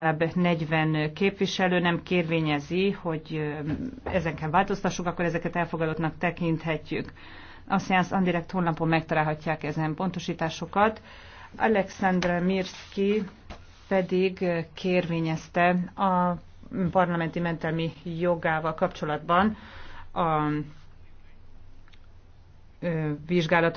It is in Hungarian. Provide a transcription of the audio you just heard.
legalább 40 képviselő nem kérvényezi, hogy ezeken változtassuk, akkor ezeket elfogadottnak tekinthetjük. A Science Andirekt honlapon megtalálhatják ezen pontosításokat. Alexandra Mirski pedig kérvényezte a parlamenti mentelmi jogával kapcsolatban a vizsgálatot.